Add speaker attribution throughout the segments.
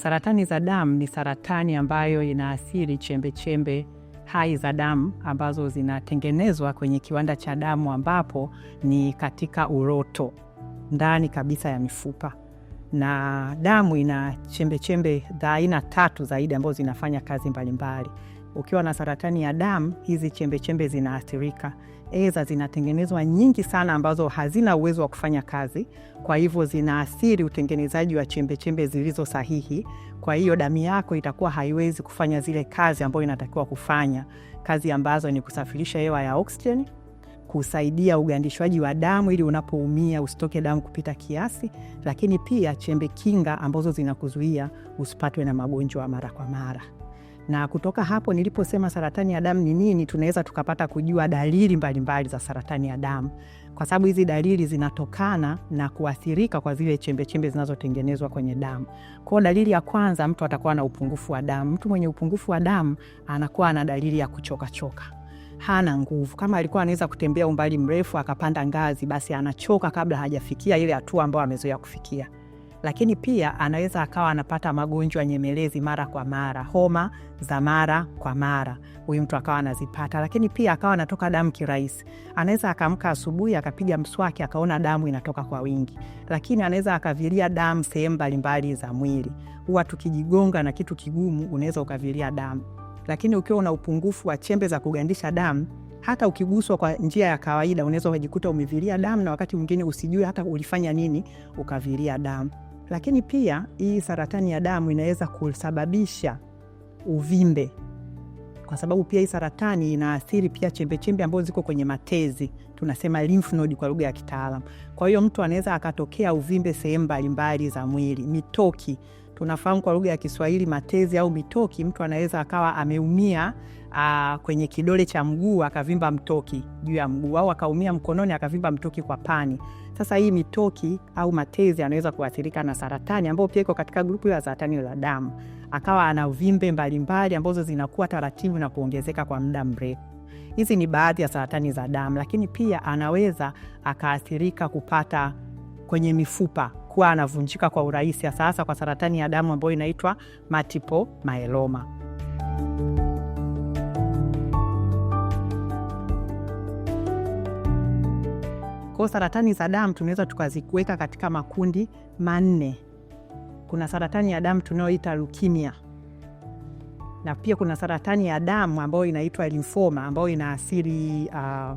Speaker 1: Saratani za damu ni saratani ambayo inaathiri chembechembe hai za damu ambazo zinatengenezwa kwenye kiwanda cha damu ambapo ni katika uroto ndani kabisa ya mifupa na damu ina chembechembe za aina tatu zaidi ambazo zinafanya kazi mbalimbali mbali. Ukiwa na saratani ya damu, hizi chembechembe zinaathirika, eza zinatengenezwa nyingi sana, ambazo hazina uwezo wa kufanya kazi, kwa hivyo zinaathiri utengenezaji wa chembechembe zilizo sahihi. Kwa hiyo damu yako itakuwa haiwezi kufanya zile kazi ambayo inatakiwa kufanya, kazi ambazo ni kusafirisha hewa ya oksijeni kusaidia ugandishwaji wa damu ili unapoumia usitoke damu kupita kiasi, lakini pia chembe kinga ambazo zinakuzuia usipatwe na magonjwa mara kwa mara na kutoka hapo niliposema saratani ya damu ni nini, tunaweza tukapata kujua dalili mbalimbali mbali za saratani ya damu, kwa sababu hizi dalili zinatokana na kuathirika kwa zile chembechembe zinazotengenezwa kwenye damu. Kwao dalili ya kwanza, mtu atakuwa na upungufu wa damu. Mtu mwenye upungufu wa damu anakuwa na dalili ya kuchokachoka hana nguvu. Kama alikuwa anaweza kutembea umbali mrefu akapanda ngazi, basi anachoka kabla hajafikia ile hatua ambayo amezoea kufikia lakini pia anaweza akawa anapata magonjwa nyemelezi mara kwa mara, homa za mara kwa mara, huyu mtu akawa anazipata, lakini pia akawa anatoka damu kirahisi. Anaweza akaamka asubuhi akapiga mswaki akaona damu inatoka kwa wingi, lakini anaweza akavilia damu sehemu mbalimbali za mwili. Huwa tukijigonga na kitu kigumu, unaweza ukavilia damu, lakini ukiwa una upungufu wa chembe za kugandisha damu hata ukiguswa kwa njia ya kawaida unaweza ukajikuta umevilia damu, na wakati mwingine usijue hata ulifanya nini ukavilia damu. Lakini pia hii saratani ya damu inaweza kusababisha uvimbe, kwa sababu pia hii saratani inaathiri pia chembechembe ambazo ziko kwenye matezi, tunasema lymphnode kwa lugha ya kitaalamu. Kwa hiyo mtu anaweza akatokea uvimbe sehemu mbalimbali za mwili, mitoki tunafahamu kwa lugha ya Kiswahili matezi au mitoki, mtu anaweza akawa ameumia a, ah, kwenye kidole cha mguu akavimba mtoki juu ya mguu, au akaumia mkononi akavimba mtoki kwa pani. Sasa hii mitoki au matezi anaweza kuathirika na saratani ambayo pia iko katika grupu ya saratani za damu, akawa ana uvimbe mbalimbali ambazo zinakuwa taratibu na kuongezeka kwa muda mrefu. Hizi ni baadhi ya saratani za damu, lakini pia anaweza akaathirika kupata kwenye mifupa huwa anavunjika kwa urahisi, hasa hasa kwa saratani ya damu ambayo inaitwa multiple myeloma. Kwa saratani za damu tunaweza tukaziweka katika makundi manne. Kuna saratani ya damu tunayoita leukemia na pia kuna saratani ya damu ambayo inaitwa lymphoma ambayo inaathiri uh,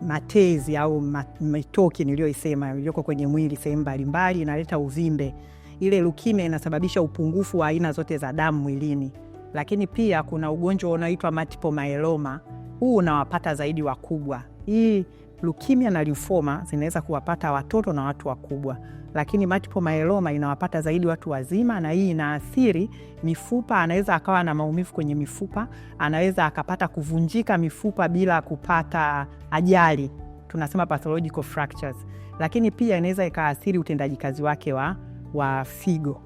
Speaker 1: matezi au mitoki niliyoisema iliyoko kwenye mwili sehemu mbalimbali, inaleta uvimbe. Ile leukemia inasababisha upungufu wa aina zote za damu mwilini, lakini pia kuna ugonjwa unaoitwa multiple myeloma. Huu unawapata zaidi wakubwa hii lukimia na lymphoma zinaweza kuwapata watoto na watu wakubwa, lakini multiple myeloma inawapata zaidi watu wazima, na hii inaathiri mifupa. Anaweza akawa na maumivu kwenye mifupa, anaweza akapata kuvunjika mifupa bila kupata ajali, tunasema pathological fractures. Lakini pia inaweza ikaathiri utendaji kazi wake wa, wa figo.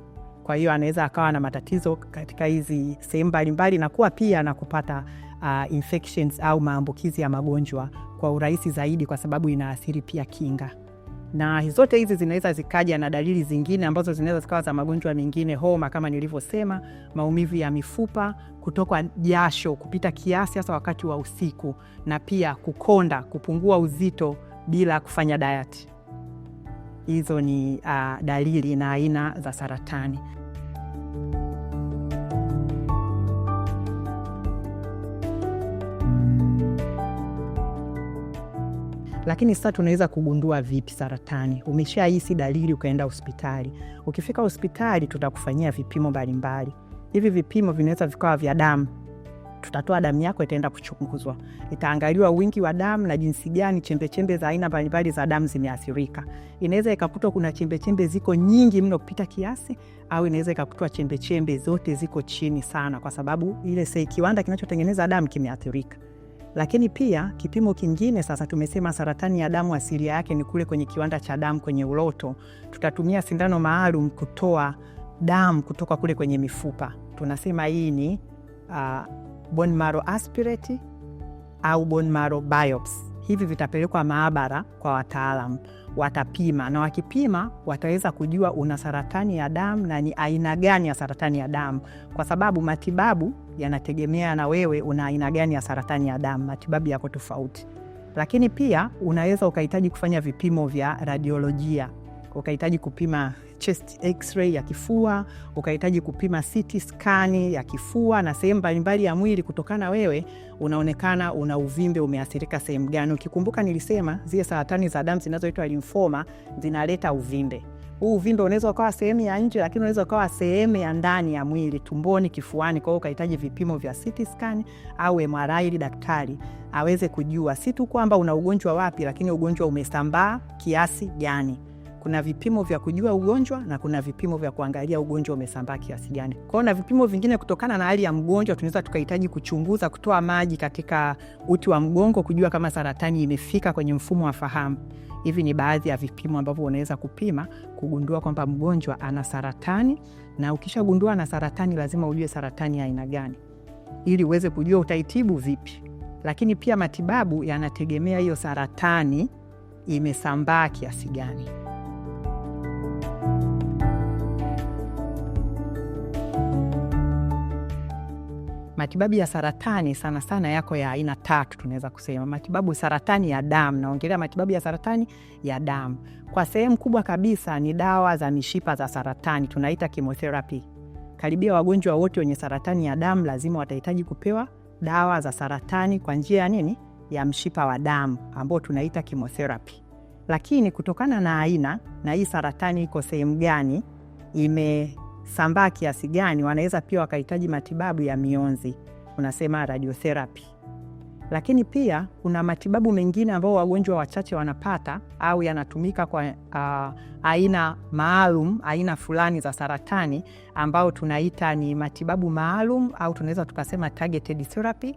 Speaker 1: Kwa hiyo anaweza akawa na matatizo katika hizi sehemu mbalimbali, na kuwa pia na kupata uh, infections au maambukizi ya magonjwa kwa urahisi zaidi, kwa sababu inaathiri pia kinga na zote hizi zinaweza zikaja na dalili zingine ambazo zinaweza zikawa za magonjwa mengine, homa kama nilivyosema, maumivu ya mifupa, kutokwa jasho kupita kiasi, hasa wakati wa usiku, na pia kukonda, kupungua uzito bila kufanya dayati. Hizo ni uh, dalili na aina za saratani. Lakini sasa tunaweza kugundua vipi saratani? Umeshahisi dalili, ukaenda hospitali. Ukifika hospitali, tutakufanyia vipimo mbalimbali. Hivi vipimo vinaweza vikawa vya damu tutatoa damu yako, itaenda kuchunguzwa, itaangaliwa wingi wa damu na jinsi gani chembechembe za aina mbalimbali za damu zimeathirika. Inaweza ikakutwa kuna chembechembe ziko nyingi mno kupita kiasi, au inaweza ikakutwa chembechembe zote ziko chini sana, kwa sababu ile sei kiwanda kinachotengeneza damu kimeathirika. Lakini pia kipimo kingine sasa, tumesema saratani ya damu asilia yake ni kule kwenye kiwanda cha damu kwenye uloto. Tutatumia sindano maalum kutoa damu kutoka kule kwenye mifupa. Tunasema hii ni uh, bone marrow aspirate au bone marrow Hivi vitapelekwa maabara kwa wataalam, watapima na wakipima, wataweza kujua una saratani ya damu na ni aina gani ya saratani ya damu, kwa sababu matibabu yanategemea na wewe una aina gani ya saratani ya damu, matibabu yako tofauti. Lakini pia unaweza ukahitaji kufanya vipimo vya radiolojia, ukahitaji kupima chest x-ray ya kifua, ukahitaji kupima CT scan ya kifua na sehemu mbalimbali ya mwili, kutokana wewe unaonekana una uvimbe, umeathirika sehemu gani. Ukikumbuka nilisema zile saratani za damu zinazoitwa limfoma zinaleta uvimbe huu uvimbe unaweza ukawa sehemu ya nje, lakini unaweza ukawa sehemu ya ndani ya mwili, tumboni, kifuani. Kwa hiyo ukahitaji vipimo vya CT scan au MRI ili daktari aweze kujua si tu kwamba una ugonjwa wapi, lakini ugonjwa umesambaa kiasi gani kuna vipimo vya kujua ugonjwa na kuna vipimo vya kuangalia ugonjwa umesambaa kiasi gani. Kwao na vipimo vingine, kutokana na hali ya mgonjwa, tunaweza tukahitaji kuchunguza, kutoa maji katika uti wa mgongo, kujua kama saratani imefika kwenye mfumo wa fahamu. Hivi ni baadhi ya vipimo ambavyo unaweza kupima kugundua kwamba mgonjwa ana saratani, na ukishagundua na saratani, lazima ujue saratani ya aina gani, ili uweze kujua utaitibu vipi. Lakini pia matibabu yanategemea hiyo saratani imesambaa kiasi gani. matibabu ya saratani sana sana yako ya aina tatu, tunaweza kusema matibabu saratani ya damu. Naongelea matibabu ya saratani ya damu, kwa sehemu kubwa kabisa ni dawa za mishipa za saratani, tunaita chemotherapy. Karibia wagonjwa wote wenye saratani ya damu lazima watahitaji kupewa dawa za saratani kwa njia ya nini, ya mshipa wa damu ambao tunaita chemotherapy. Lakini kutokana na aina na hii saratani iko sehemu gani ime sambaa kiasi gani, wanaweza pia wakahitaji matibabu ya mionzi, unasema radiotherapy. Lakini pia kuna matibabu mengine ambayo wagonjwa wachache wanapata au yanatumika kwa uh, aina maalum, aina fulani za saratani ambao tunaita ni matibabu maalum au tunaweza tukasema targeted therapy.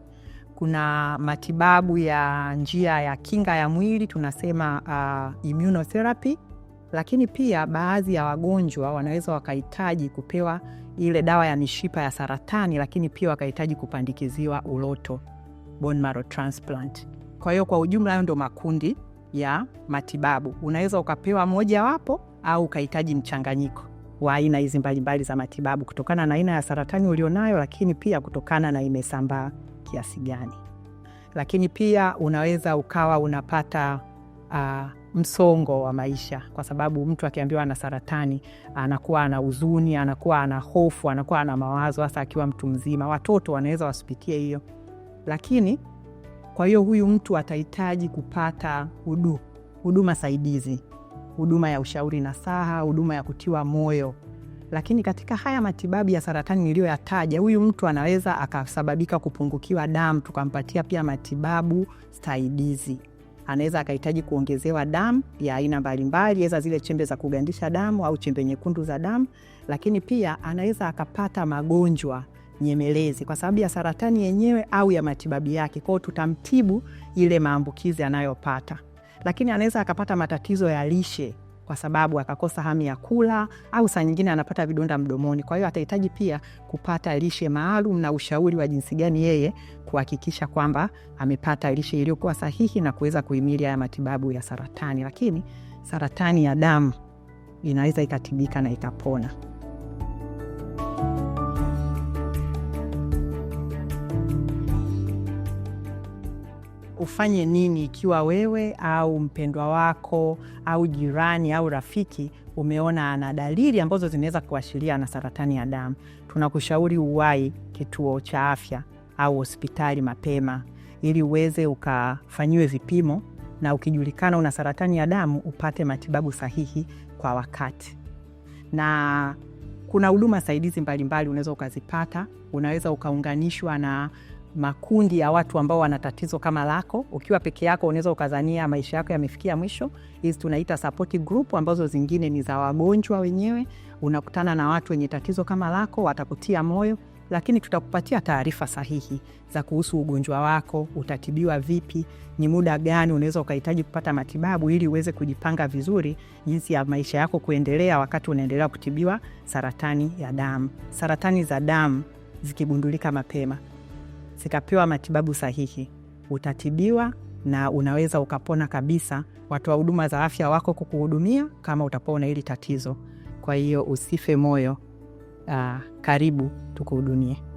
Speaker 1: Kuna matibabu ya njia ya kinga ya mwili tunasema uh, immunotherapy lakini pia baadhi ya wagonjwa wanaweza wakahitaji kupewa ile dawa ya mishipa ya saratani, lakini pia wakahitaji kupandikiziwa uloto, bone marrow transplant. Kwa hiyo kwa ujumla, hayo ndo makundi ya matibabu. Unaweza ukapewa mojawapo au ukahitaji mchanganyiko wa aina hizi mbalimbali za matibabu kutokana na aina ya saratani ulionayo, lakini pia kutokana na imesambaa kiasi gani. Lakini pia unaweza ukawa unapata uh, msongo wa maisha, kwa sababu mtu akiambiwa ana saratani anakuwa ana huzuni, anakuwa ana hofu, anakuwa ana mawazo, hasa akiwa mtu mzima. Watoto wanaweza wasipitie hiyo, lakini kwa hiyo huyu mtu atahitaji kupata hudu, huduma saidizi, huduma ya ushauri na saha huduma ya kutiwa moyo. Lakini katika haya matibabu ya saratani niliyoyataja, huyu mtu anaweza akasababika kupungukiwa damu, tukampatia pia matibabu saidizi anaweza akahitaji kuongezewa damu ya aina mbalimbali, eza zile chembe za kugandisha damu au chembe nyekundu za damu, lakini pia anaweza akapata magonjwa nyemelezi kwa sababu ya saratani yenyewe au ya matibabu yake. Kwao tutamtibu ile maambukizi anayopata, lakini anaweza akapata matatizo ya lishe kwa sababu akakosa hamu ya kula au saa nyingine anapata vidonda mdomoni. Kwa hiyo atahitaji pia kupata lishe maalum na ushauri wa jinsi gani yeye kuhakikisha kwamba amepata lishe iliyokuwa sahihi na kuweza kuhimili haya matibabu ya saratani. Lakini saratani ya damu inaweza ikatibika na ikapona. ufanye nini ikiwa wewe au mpendwa wako au jirani au rafiki umeona ana dalili ambazo zinaweza kuashiria na saratani ya damu. Tunakushauri uwai kituo cha afya au hospitali mapema, ili uweze ukafanyiwe vipimo na ukijulikana una saratani ya damu upate matibabu sahihi kwa wakati. Na kuna huduma saidizi mbalimbali unaweza ukazipata. Unaweza ukaunganishwa na makundi ya watu ambao wana tatizo kama lako. Ukiwa peke yako unaweza ukazania maisha yako yamefikia mwisho. Hizi tunaita support group, ambazo zingine ni za wagonjwa wenyewe. Unakutana na watu wenye tatizo kama lako, watakutia moyo, lakini tutakupatia taarifa sahihi za kuhusu ugonjwa wako, utatibiwa vipi, ni muda gani unaweza ukahitaji kupata matibabu, ili uweze kujipanga vizuri jinsi ya maisha yako kuendelea, wakati unaendelea kutibiwa saratani ya damu. Saratani za damu zikigundulika mapema zikapewa matibabu sahihi, utatibiwa na unaweza ukapona kabisa. Watoa huduma za afya wako kukuhudumia kama utapona hili tatizo. Kwa hiyo usife moyo. Uh, karibu tukuhudumie.